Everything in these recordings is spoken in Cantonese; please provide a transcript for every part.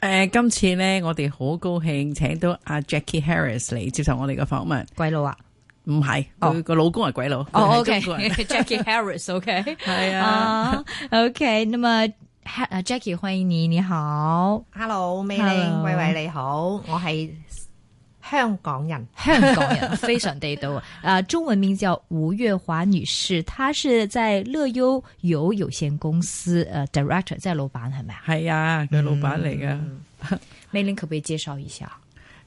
誒，今次咧，我哋好高興請到阿 Jackie Harris 嚟接受我哋嘅訪問。鬼佬啊，唔係，佢個老公係鬼佬。哦，OK，Jackie Harris，OK，係啊，OK。咁阿 Jackie，歡迎你，你好。Hello，美玲，喂喂，你好，我係。香港人， 香港人非常地道。啊、呃，中文名叫吳月華女士，她是在樂優游有限公司 director 即係老闆係咪啊？係啊，佢老闆嚟噶。Meiling 可唔可以介紹一下？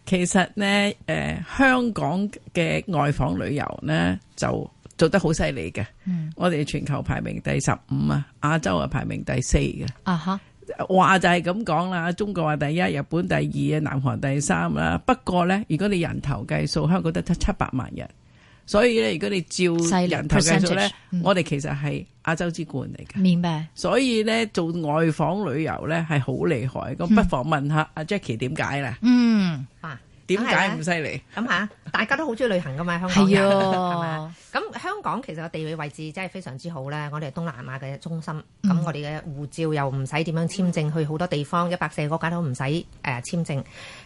其實呢，誒、呃，香港嘅外訪旅遊呢，就做得好犀利嘅。嗯、我哋全球排名第十五啊，亞洲啊排名第四嘅、啊。啊哈。話就係咁講啦，中國話第一，日本第二，啊，南韓第三啦。不過咧，如果你人頭計數，香港得七七百萬人，所以咧，如果你照人頭計數咧，我哋其實係亞洲之冠嚟嘅。明白。所以咧，做外訪旅遊咧係好厲害，咁不妨問下阿 Jackie 點解啦。嗯。啊。點解唔犀利？咁嚇，大家都好中意旅行噶嘛，香港人係嘛？咁香港其實個地理位置真係非常之好咧，我哋係東南亞嘅中心。咁我哋嘅護照又唔使點樣簽證去好多地方，一百四個國家都唔使誒簽證。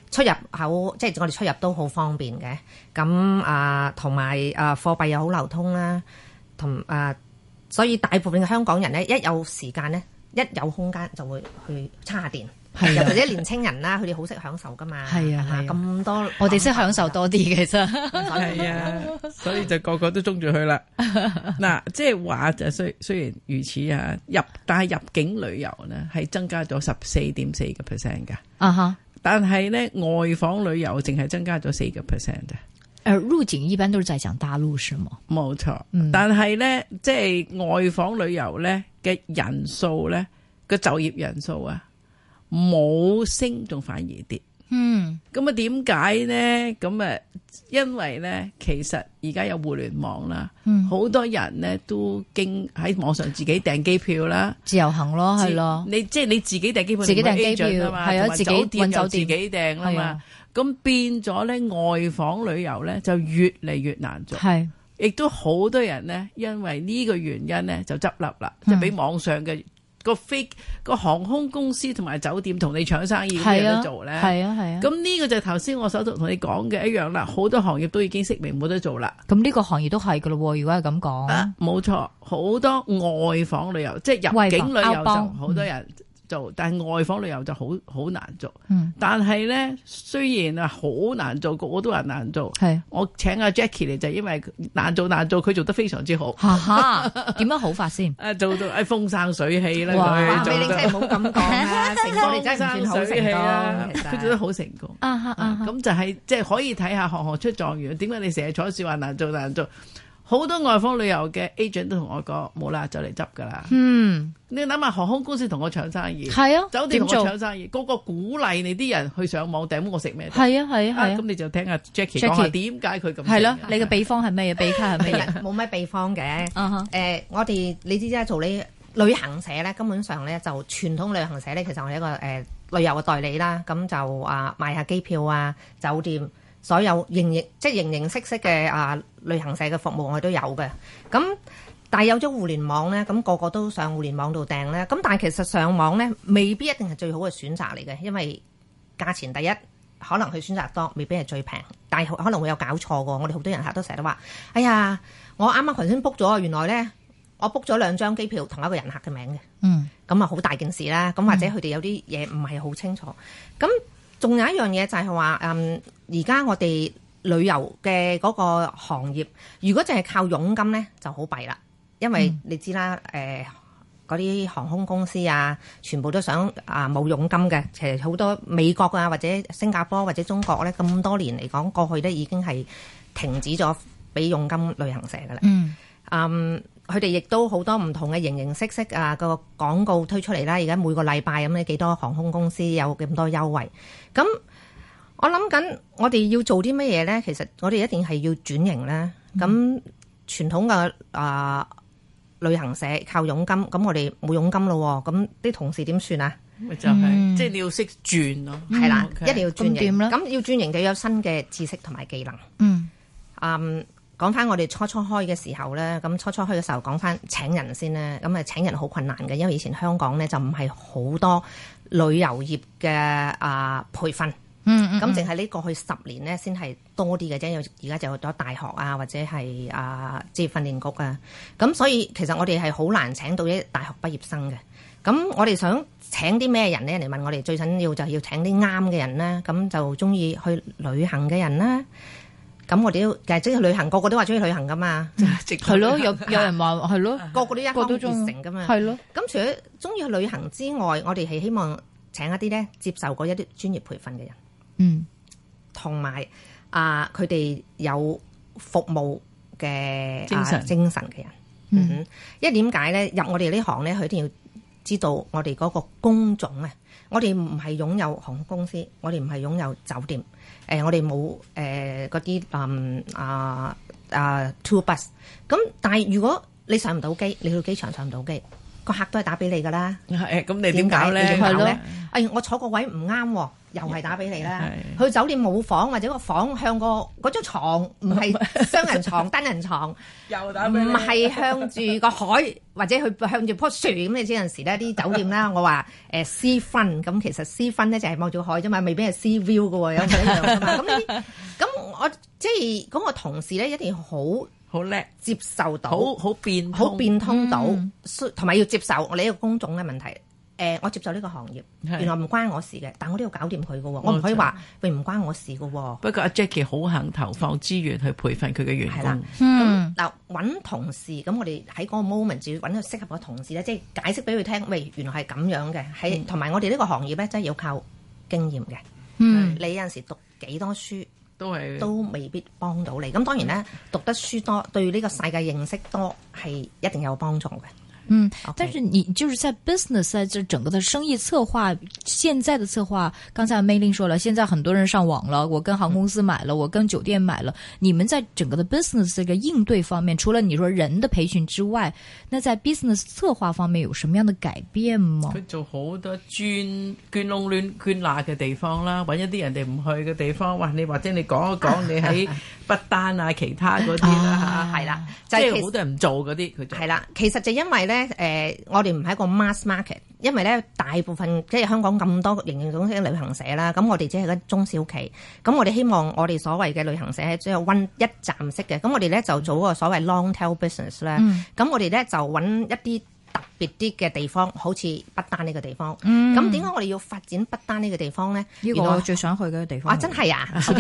出入口即係我哋出入都好方便嘅。咁啊，同埋啊貨幣又好流通啦，同啊，所以大部分嘅香港人咧，一有時間咧，一有空間就會去叉下電。係啊，或者年青人啦，佢哋好識享受噶嘛。係啊，咁、啊、多我哋識享受多啲嘅啫。係 啊，所以就個個都鍾住佢啦。嗱， 即係話就雖雖然如此啊，入但係入境旅遊呢係增加咗十四點四個 percent 噶啊哈，uh huh. 但係咧外訪旅遊淨係增加咗四個 percent 啫。誒，而入境一般都是在講大陸是嗎？冇錯錯，嗯、但係咧即係外訪旅遊咧嘅人數咧個就業人數啊。冇升，仲反而跌。嗯，咁啊，點解咧？咁啊，因為咧，其實而家有互聯網啦，嗯，好多人咧都經喺網上自己訂機票啦，自由行咯，係咯。你即係你自己訂機票，自己訂機票啊嘛，有酒店又自己訂啦嘛。咁的變咗咧，外訪旅遊咧就越嚟越難做。係的，亦都好多人咧，因為呢個原因咧，嗯、就執笠啦，即係俾網上嘅。個飛個航空公司同埋酒店同你搶生意都，冇得做咧。係啊，係啊，咁呢、啊、個就係頭先我手頭同你講嘅一樣啦。好多行業都已經式微冇得做啦。咁呢個行業都係噶咯。如果係咁講，冇錯、啊，好多外訪旅遊即係入境旅遊何就好多人。幫但係外方旅遊就好好難做。嗯，但係呢，雖然好難做，個個都話難做。係，我請阿 Jackie 嚟就因為難做難做，佢做得非常之好。嚇嚇，點樣好法先？做做誒風生水起。啦。佢做得，你哋真係唔好咁講啦。我哋真係風生水起。啦，佢做得好成功。啊嚇咁就係即係可以睇下行行出狀元。點解你成日坐住話難做難做？好多外方旅遊嘅 agent 都同我講冇啦，就嚟執噶啦。嗯，你諗下航空公司同我搶生意，係啊，酒店同我搶生意。個個鼓勵你啲人去上網訂，我食咩？係啊，係啊，咁你就聽阿 Jackie 講下點解佢咁做。係咯，你嘅秘方係咩？秘卡係咩？冇咩秘方嘅。我哋你知唔知啊？做你旅行社咧，根本上咧就傳統旅行社咧，其實我係一個旅遊嘅代理啦。咁就啊賣下機票啊，酒店。所有形形即係形形色色嘅啊旅行社嘅服務我都有嘅，咁但係有咗互聯網咧，咁個個都上互聯網度訂咧，咁但係其實上網咧未必一定係最好嘅選擇嚟嘅，因為價錢第一，可能佢選擇多，未必係最平，但係可能會有搞錯喎。我哋好多人客都成日都話：哎呀，我啱啱頭先 book 咗，原來咧我 book 咗兩張機票同一個人客嘅名嘅，嗯，咁啊好大件事啦。咁或者佢哋有啲嘢唔係好清楚，咁。仲有一樣嘢就係話，嗯，而家我哋旅遊嘅嗰個行業，如果淨係靠佣金咧，就好弊啦。因為你知啦，誒嗰啲航空公司啊，全部都想啊冇、呃、佣金嘅，其實好多美國啊，或者新加坡或者中國咧，咁多年嚟講，過去咧已經係停止咗俾佣金旅行社噶啦。嗯。嗯。佢哋亦都好多唔同嘅形形色色啊，個廣告推出嚟啦！而家每個禮拜咁你幾多航空公司有咁多優惠？咁我諗緊我哋要做啲乜嘢咧？其實我哋一定係要轉型咧。咁傳、嗯、統嘅啊、呃、旅行社靠佣金，咁我哋冇佣金咯，咁啲同事點算啊？咪就係，即係你要識轉咯，係啦、嗯，okay、一定要轉型咯。咁要轉型就有新嘅知識同埋技能。嗯，嗯。Um, 講翻我哋初初開嘅時候咧，咁初初開嘅時候講翻請人先啦。咁啊請人好困難嘅，因為以前香港咧就唔係好多旅遊業嘅啊培訓，嗯、嗯、嗯，咁淨係呢過去十年咧先係多啲嘅啫，因為而家就有咗大學啊，或者係啊職業訓練局啊，咁所以其實我哋係好難請到啲大學畢業生嘅，咁我哋想請啲咩人咧？人嚟問我哋最緊要就係要請啲啱嘅人啦，咁就中意去旅行嘅人啦。咁我哋都誒，中意去旅行，個個都話中意旅行噶嘛，係咯，有有人話係咯，個個都一腔熱誠噶嘛，係咯。咁除咗中意去旅行之外，我哋係希望請一啲咧接受過一啲專業培訓嘅人，嗯，同埋啊，佢哋有服務嘅精神精神嘅人，嗯，因為點解咧入我哋呢行咧，佢一定要。知道我哋嗰個工種啊，我哋唔係擁有航空公司，我哋唔係擁有酒店，誒，我哋冇誒嗰啲嗯啊啊 tour bus，咁但係如果你上唔到機，你去機場上唔到機。個客都係打俾你噶啦，咁你點搞咧？咧、哎？我坐個位唔啱喎，又係打俾你啦。去酒店冇房或者個房向個嗰張床，唔係雙人床、 單人床，又打俾你。唔係向住個海 或者去向住棵樹咁。你知陣時咧啲酒店啦，我話誒 sea front 咁，其實 sea front 咧就係望住海啫嘛，未必係 sea view 嘅，有唔一樣㗎嘛。咁咁 我即係嗰、嗰個同事咧，一定要好。好叻，接受到，好好變好變通到，同埋、嗯、要接受，你呢個工種嘅問題。誒、呃，我接受呢個行業，是原來唔關我事嘅，但我都要搞掂佢嘅，嗯、我唔可以話，喂，唔關我事嘅。不過阿 Jackie 好肯投放資源去培訓佢嘅員工。係啦，咁嗱，揾同事，咁我哋喺嗰個 moment 要搵一個適合嘅同事咧，即、就、係、是、解釋俾佢聽，喂，原來係咁樣嘅，係同埋我哋呢個行業咧，真、就、係、是、要靠經驗嘅。嗯，你有陣時讀幾多書？都係，都未必幫到你。咁當然咧，讀得書多，對呢個世界認識多，係一定有幫助嘅。嗯，Okay. 但是你就是在 business 在這整個的生意策劃，現在的策劃，剛才 Meiling 說了，現在很多人上網了，我跟航空公司買了，我跟酒店買了，嗯、你們在整個的 business 這個應對方面，除了你說人的培訓之外，那在 business 策劃方面有什麼樣的改變嗎？佢做好多鑽鑽窿亂鑽罅嘅地方啦，揾一啲人哋唔去嘅地方，哇！你或者你講一講，啊、你喺不丹啊，啊其他啲啦吓，係啦，即係好多人唔做啲，佢就係啦，其實就是因為咧。誒、呃，我哋唔係一個 mass market，因為咧，大部分即係香港咁多形業總嘅旅行社啦，咁我哋只係一個中小企，咁我哋希望我哋所謂嘅旅行社係只有 one 一站式嘅，咁我哋咧就做個所謂 long tail business 啦，咁我哋咧就揾一啲。別啲嘅地方，好似不丹呢個地方。咁點解我哋要發展不丹呢個地方咧？呢個我最想去嘅地方。啊，真係啊！咁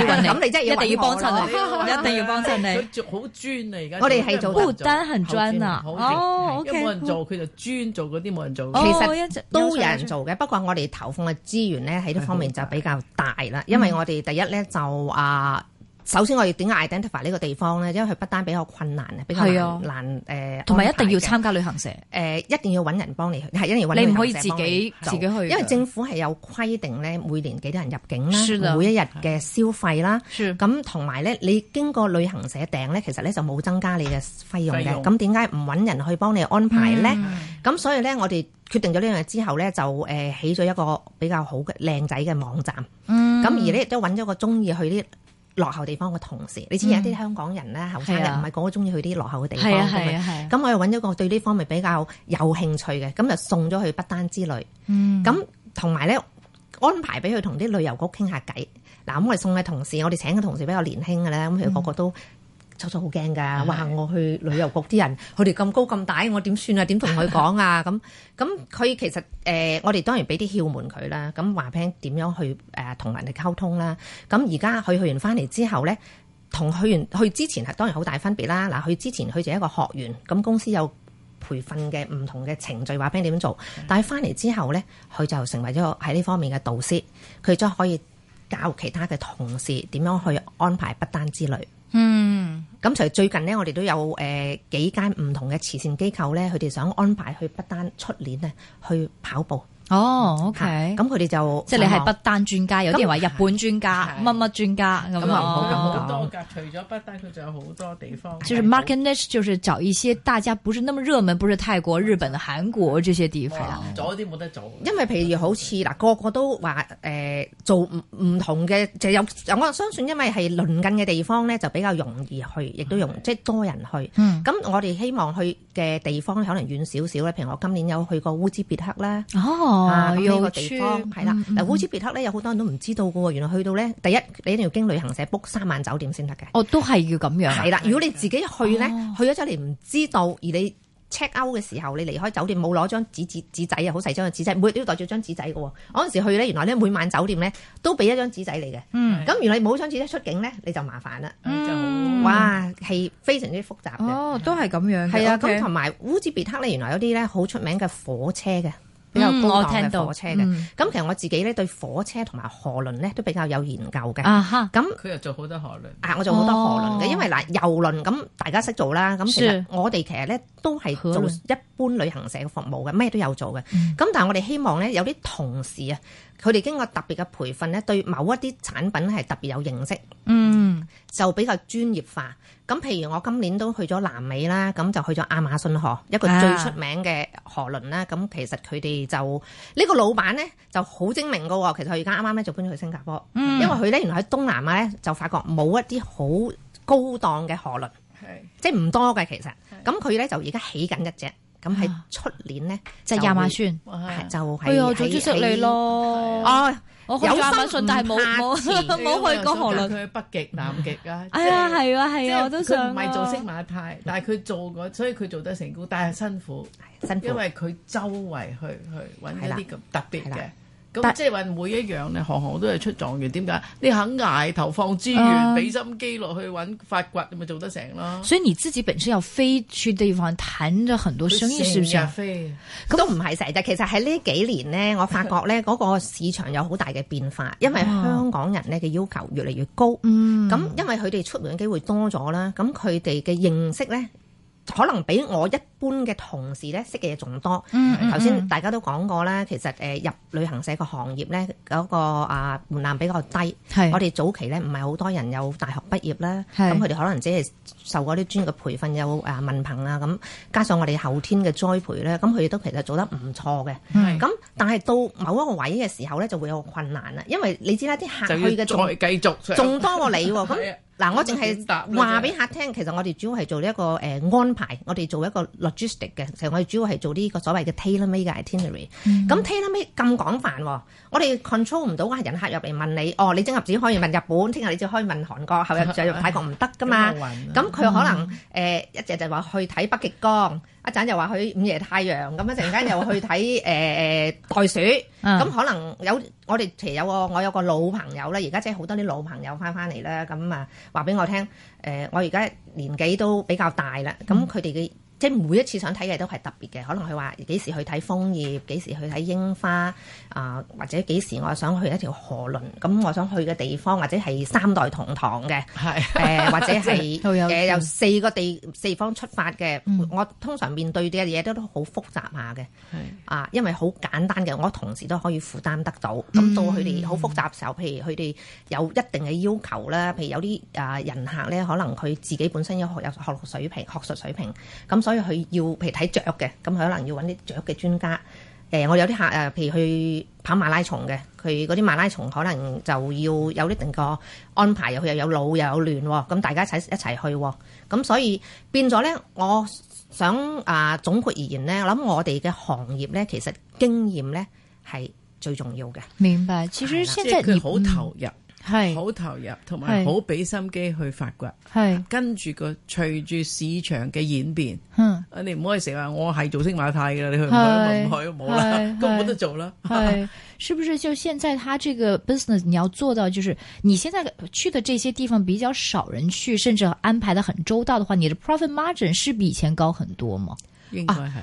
你真係一定要幫襯，一定要幫襯你。佢好專嚟㗎！我哋係做不丹很專啊！好！OK。冇人做，佢就專做嗰啲冇人做。其實都有人做嘅，不過我哋投放嘅資源咧喺呢方面就比較大啦，因為我哋第一咧就啊。首先我要點解 identify 呢個地方咧，因為佢不單比較困難，比較難誒，同埋、啊呃、一定要參加旅行社誒、呃，一定要揾人幫你去因為你唔可以自己自己去，因為政府係有規定咧，每年幾多人入境啦，是的每一日嘅消費啦，咁同埋咧，你經過旅行社訂咧，其實咧就冇增加你嘅費用嘅。咁點解唔揾人去幫你安排咧？咁、嗯、所以咧，我哋決定咗呢樣嘢之後咧，就、呃、起咗一個比較好嘅靚仔嘅網站。嗯，咁而亦都揾咗個中意去啲落後地方嘅同事，你知有啲香港人咧，後生人唔係個個中意去啲落後嘅地方，係咪、啊？咁去、啊啊、我又揾咗個對呢方面比較有興趣嘅，咁就送咗去不丹之旅。嗯，咁同埋咧，安排俾佢同啲旅遊局傾下偈。嗱，咁我哋送嘅同事，我哋請嘅同事比較年輕嘅咧，咁佢個個都、嗯。初初好驚㗎，話我去旅遊局啲人，佢哋咁高咁大，我點算啊？點同佢講啊？咁咁佢其實誒、呃，我哋當然俾啲僥倖佢啦。咁話 p l a 點樣去誒同人哋溝通啦。咁而家佢去完翻嚟之後呢，同去完去之前係當然好大分別啦。嗱，佢之前佢就一個學員，咁公司有培訓嘅唔同嘅程序話 p l a 點做，是的但係翻嚟之後呢，佢就成為咗喺呢方面嘅導師，佢將可以教其他嘅同事點樣去安排不單之旅。嗯，咁除最近咧，我哋都有誒幾間唔同嘅慈善機構咧，佢哋想安排去不丹，出年咧去跑步。哦，OK，咁佢哋就即係你係不丹專家，有啲人話日本專家、乜乜專家咁啊，咁多噶，除咗不丹，佢仲有好多地方。就是 market niche 就是找一些大家不是那麼熱門，不是泰國、日本、韓國這些地方。早啲冇得做。因為譬如好似嗱，個個都話誒做唔同嘅，就有我相信，因為係鄰近嘅地方咧，就比較容易去，亦都容即係多人去。嗯。咁我哋希望去嘅地方可能遠少少咧。譬如我今年有去過烏茲別克啦。哦。啊，呢個地方係啦。嗱，烏茲別克咧有好多人都唔知道嘅喎。原來去到咧，第一你一定要經旅行社 book 三晚酒店先得嘅。我、哦、都係要咁樣。係啦，如果你自己去咧，哦、去咗之後你唔知道，而你 check out 嘅時候，你離開酒店冇攞張紙紙紙仔啊，好細張嘅紙仔，每日都要袋住張紙仔嘅喎。嗰陣時去咧，原來每晚酒店咧都俾一張紙仔嚟嘅。咁、嗯、原來你冇張紙出境咧，你就麻煩啦。嗯、哇，係非常之複雜嘅。哦，都係咁樣。係啊的，咁同埋烏茲別克呢，原來有啲咧好出名嘅火車嘅。我聽到，咁其實我自己咧對火車同埋河輪咧都比較有研究嘅。啊哈，咁佢又做好多河輪啊，我做好多河輪嘅，因為嗱遊輪咁大家識做啦。咁其實我哋其實咧都係做一般旅行社嘅服務嘅，咩都有做嘅。咁但係我哋希望咧有啲同事啊，佢哋經過特別嘅培訓咧，對某一啲產品係特別有認識，嗯，就比較專業化。咁譬如我今年都去咗南美啦，咁就去咗亞馬遜河一個最出名嘅河輪啦。咁、啊、其實佢哋就呢、呢個老闆咧就好精明噶。其實佢而家啱啱咧就搬咗去新加坡，嗯、因為佢咧原來喺東南亞咧就發覺冇一啲好高檔嘅河輪，即係唔多嘅其實。咁佢咧就而家起緊一隻，咁喺出年咧就、啊、就亞馬遜、啊、就喺。哎呀，最中意你咯。我有心信，但係冇冇冇去過河輪。佢去北極、南極啊、嗯！哎呀，係啊，係啊，我都想。唔係做星馬泰，但係佢做過，所以佢做得成功，但係辛苦，辛苦，因為佢周圍去去搵一啲咁特別嘅。咁但即係話每一樣你行行都係出狀元。點解？你肯挨投放資源，俾、呃、心機落去揾發掘，咪做得成咯。所以你自己本身又飛出地方，揼咗很多生意，是唔是？咁都唔係成日。其實喺呢幾年咧，我發覺咧，嗰個市場有好大嘅變化， 因為香港人咧嘅要求越嚟越高。咁、嗯、因為佢哋出門機會多咗啦，咁佢哋嘅認識咧，可能俾我一。搬嘅同時咧，識嘅嘢仲多。頭先、嗯、大家都講過啦，嗯嗯、其實誒入旅行社個行業咧，嗰、嗰個啊門檻比較低。是我哋早期咧，唔係好多人有大學畢業啦，咁佢哋可能只係受嗰啲專業嘅培訓，有啊文憑啊咁，加上我哋後天嘅栽培咧，咁佢哋都其實做得唔錯嘅。咁是但係到某一個位嘅時候咧，就會有個困難啦，因為你知啦，啲客去嘅再繼續仲多過你。咁嗱，我淨係話俾客聽，呃、其實我哋主要係做一個誒、呃、安排，我哋做一個。logistic 嘅，其實我哋主要係做呢個所謂嘅 tailor-made 嘅 itinerary。咁 tailor-made 咁廣泛，啊，我哋 control 唔到話，人客入嚟問你哦，你整日只可以問日本，聽日你只可以問韓國，後日就泰國唔得噶嘛。咁佢、啊、可能誒、嗯呃、一隻就話去睇北極光，一陣又話去午夜太陽，咁樣一陣間又去睇誒誒袋鼠。咁可能有我哋其實有個我有個老朋友咧，而家即係好多啲老朋友翻翻嚟啦。咁啊話俾我聽誒、呃，我而家年紀都比較大啦，咁佢哋嘅。嗯即係每一次想睇嘅都係特別嘅，可能佢話幾時去睇楓葉，幾時去睇櫻花，啊、呃、或者幾時我想去一條河輪，咁我想去嘅地方或者係三代同堂嘅，係誒是、呃、或者係誒由四個地四方出發嘅，嗯、我通常面對嘅嘢都都好複雜下嘅，啊、呃、因為好簡單嘅，我同事都可以負擔得到，咁到佢哋好複雜嘅時候，嗯嗯譬如佢哋有一定嘅要求啦，譬如有啲誒人客咧，可能佢自己本身有學有學術水平、學術水平咁。所以佢要譬如睇雀嘅，咁佢可能要揾啲雀嘅專家。誒、欸，我有啲客誒，譬如去跑馬拉松嘅，佢嗰啲馬拉松可能就要有一定個安排，又佢又有路又有亂，咁大家一一齊去。咁所以變咗咧，我想啊總括而言咧，我諗我哋嘅行業咧，其實經驗咧係最重要嘅。明白，其實即係佢好投入。係好投入，同埋好俾心機去發掘，跟住個隨住市場嘅演變，你唔可以成日話我係做星馬太噶啦，你去唔去唔去冇啦，根本都做啦。是不是就現在？他這個 business 你要做到，就是你現在去的這些地方比較少人去，甚至安排得很周到的話，你的 profit margin 是比以前高很多嗎？應該係。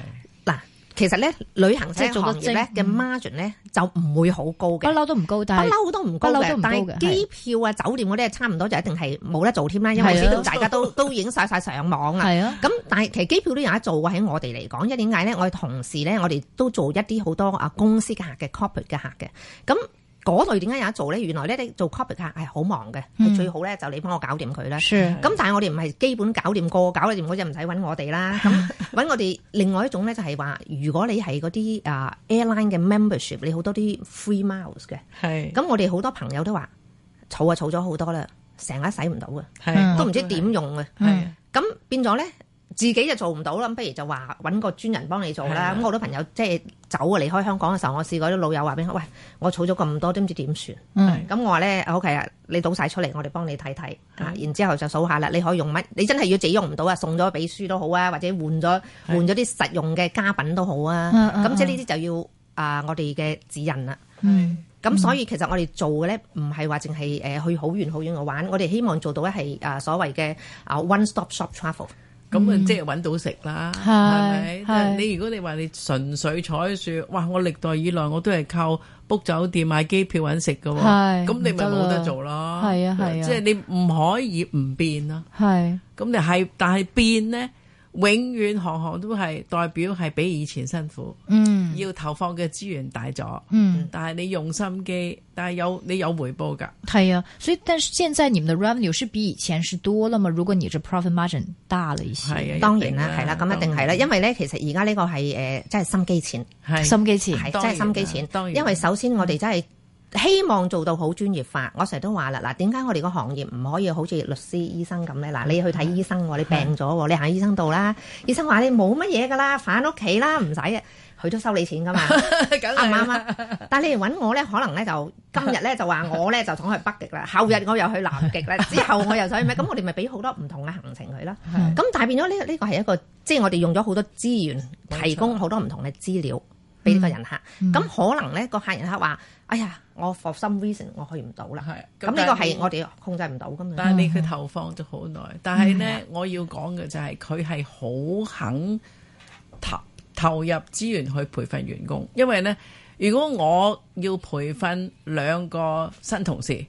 其實咧，旅行社行業咧嘅 margin 咧就唔會好高嘅，一不嬲都唔高，不嬲都唔高嘅，但係機票啊、的酒店嗰啲啊，差唔多就一定係冇得做添啦，因為始終大家都的都已經晒晒上網啊。咁的但係其實機票都有得做嘅，喺我哋嚟講，因為點解咧？我哋同事咧，我哋都做一啲好多啊公司嘅客嘅 corporate 嘅客嘅，咁。嗰類點解有得做咧？原來咧，你做 copy 卡係好忙嘅，嗯、最好咧就你幫我搞掂佢啦。咁是是 但係我哋唔係基本搞掂過，搞掂過就唔使搵我哋啦。咁搵 我哋另外一種咧就係、是、話，如果你係嗰啲啊 airline 嘅 membership，你好多啲 free miles 嘅。咁是 我哋好多朋友都話，儲啊儲咗好多啦，成日使唔到嘅，是都唔知點用嘅。咁是是、嗯、變咗咧。自己就做唔到啦，不如就話揾個專人幫你做啦。咁好多朋友即係走啊離開香港嘅時候，我試過啲老友話俾我：喂，我儲咗咁多，都唔知點算？咁的、嗯、我話咧的：，OK 啊，你倒晒出嚟，我哋幫你睇睇。的然之後就數下啦。你可以用乜？你真係要自己用唔到啊，送咗俾書都好啊，或者換咗換咗啲實用嘅家品都好啊。咁即係呢啲就要啊、呃，我哋嘅指引啦。咁的、嗯、所以其實我哋做嘅咧，唔係話淨係誒去好遠好遠嘅玩，我哋希望做到咧係啊所謂嘅啊 one stop shop travel。Tra vel, 咁啊，嗯、即係揾到食啦，係咪？但係你如果你話你純粹採樹，哇！我歷代以來我都係靠 book 酒店買機票揾食噶，咁你咪冇得做咯。係啊，係啊，即係你唔可以唔變咯。係咁，你係但係變咧。永遠行行都係代表係比以前辛苦。嗯，要投放嘅資源大咗，嗯，但係你用心機，但係有你有回報噶，係啊，所以，但是現在你們的 revenue 是比以前是多了嘛？如果你嘅 profit margin 大了一些，是啊一啊，當然啦，係啦，啊，咁一定係啦，因為咧，其實而家呢個係誒，真係心機錢，心機錢，真係心機錢，當然，因為首先我哋真係。希望做到好專業化，我成日都話啦，嗱點解我哋個行業唔可以好似律師、醫生咁咧？嗱，你去睇醫生喎，你病咗，的你行醫生度啦，醫生話你冇乜嘢噶啦，返屋企啦，唔使呀，佢都收你錢噶嘛，啱啱 了、啊、但係你嚟揾我咧，可能咧就今日咧就話我咧就講去北極啦，後日我又去南極啦，之後我又想去咩？咁我哋咪俾好多唔同嘅行程佢囉。咁的但係變咗呢個呢個係一個，即係我哋用咗好多資源，提供好多唔同嘅資料俾呢個人客。咁可能咧個客人客話。哎呀，我 for some reason 我去唔到啦。係咁呢個係我哋控制唔到㗎嘛。但係你佢投放咗好耐，嗯、但係咧，啊、我要講嘅就係佢係好肯投投入資源去培訓員工，因為咧，如果我要培訓兩個新同事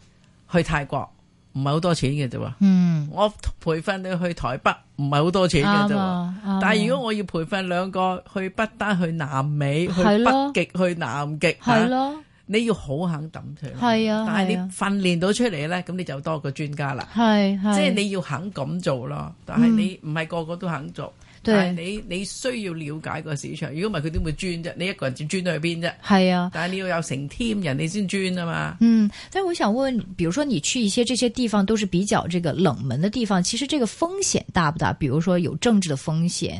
去泰國，唔係好多錢嘅啫。嗯，我培訓你去台北唔係好多錢嘅啫。嗯、但係如果我要培訓兩個去不丹、去南美、去北極、嗯、去南極，係咯、嗯。啊你要好肯抌出嚟，係啊、但係你訓練到出嚟咧，咁、啊、你就多個專家啦。係、啊，即係你要肯咁做咯。啊、但係你唔係個個都肯做，嗯、但你對你需要了解個市場。如果唔係，佢點會專啫？你一個人只專到去邊啫？係啊。但係你要有成 team，人你先專啊嘛。嗯，但係我想問，比如說你去一些這些地方，都是比較這個冷門的地方，其實這個風險大不大？比如說有政治的風險。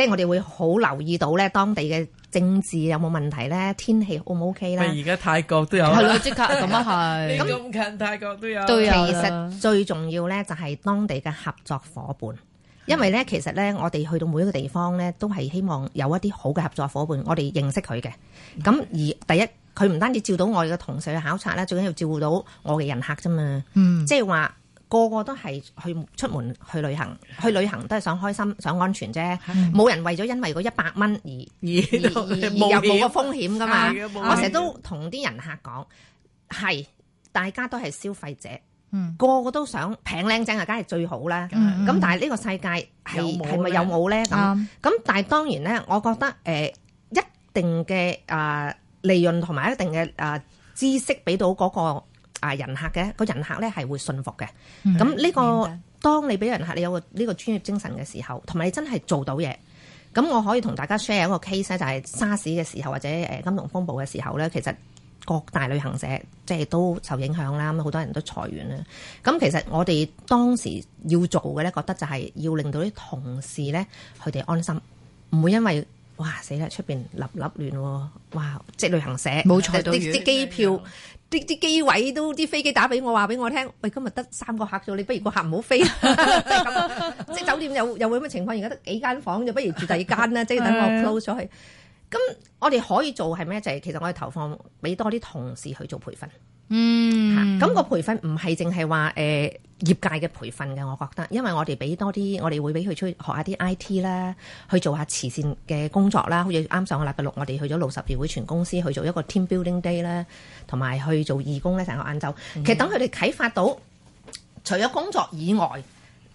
即係我哋會好留意到咧，當地嘅政治有冇問題咧，天氣 O 唔 OK 呢？而家泰國都有，係咯，即刻咁啊，係咁近泰國都有。對，其實最重要咧就係當地嘅合作伙伴，嗯、因為咧其實咧我哋去到每一個地方咧都係希望有一啲好嘅合作伙伴，我哋認識佢嘅。咁而第一，佢唔單止照,我照到我哋嘅同事去考察呢，最緊要照顧到我嘅人客啫嘛。嗯，即係話。個個都係去出門去旅行，去旅行都係想開心、想安全啫。冇、嗯、人為咗因為嗰一百蚊而而而冒嗰個風險噶嘛。啊啊啊、我成日都同啲人客講，係、啊、大家都係消費者，嗯、個個都想平靚正啊，梗係最好啦。咁、嗯、但係呢個世界係咪有冇咧？咁咁、嗯、但係當然咧，我覺得誒、呃、一定嘅啊利潤同埋一定嘅啊知識俾到嗰、那個。啊！人客嘅個人客咧，係會信服嘅。咁呢、嗯，呢個明白，當你俾人客，你有個呢個專業精神嘅時候，同埋你真係做到嘢。咁我可以同大家 share 一個 case 咧，就係沙士嘅時候或者誒金融風暴嘅時候咧，其實各大旅行社即係都受影響啦。咁好多人都裁員啦。咁其實我哋當時要做嘅咧，覺得就係要令到啲同事咧佢哋安心，唔會因為。哇死啦！出邊立立亂喎！哇，即係旅行社冇錯，啲啲機票啲啲機位都啲飛機打俾我話俾我聽，喂，今日得三個客咗，你不如個客唔好飛， 即係咁，即酒店又又會咁嘅情況。而家得幾間房，就不如住第二間啦，即係 等我 close 咗去。咁的我哋可以做係咩？就係、是、其實我哋投放俾多啲同事去做培訓，嗯，咁、嗯、個培訓唔係淨係話誒。呃業界嘅培訓嘅，我覺得，因為我哋俾多啲，我哋會俾佢出去學下啲 I.T. 啦，去做下慈善嘅工作啦。好似啱上個禮拜六，我哋去咗六十二會全公司去做一個 Team Building Day 啦，同埋去做義工咧。成個晏晝，其實等佢哋啟發到，除咗工作以外，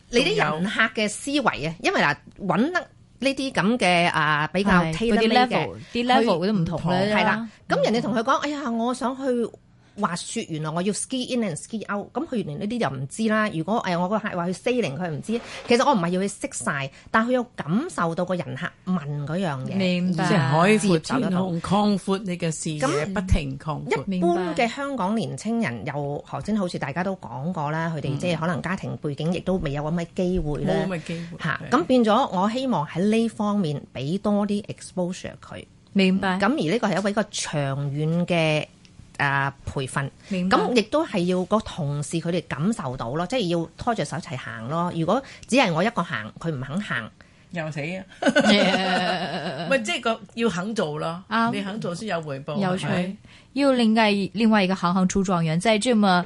有你啲人客嘅思維啊，因為嗱，搵得呢啲咁嘅啊比較 high level 啲 level 都唔同啦，係啦。咁了、嗯、人哋同佢講，哎呀，我想去。話説原來我要 ski in and ski out，咁佢原來呢啲就唔知啦。如果誒、哎、我個客話去 sailing，佢唔知道。其實我唔係要去識晒，但係佢又感受到個人客問嗰樣嘢，明白即係海闊天空，空，擴闊，闊你嘅視野，嗯、不停擴、嗯、一般嘅香港年青人又何止好似大家都講過啦？佢哋即係可能家庭背景亦都未有咁嘅機會啦。冇咁嘅機會嚇，咁、啊、對變咗我希望喺呢方面俾多啲 exposure 佢。明白。咁而呢個係一位一個長遠嘅。誒、呃，培訓，咁亦都係要個同事佢哋感受到咯，即係要拖住手一齊行咯。如果只係我一個行，佢唔肯行，又死啊！咪 Yeah. 即係個要肯做咯，ah, 你肯做先有回報。有趣求，要另是另外一個行行出狀元，在這麼。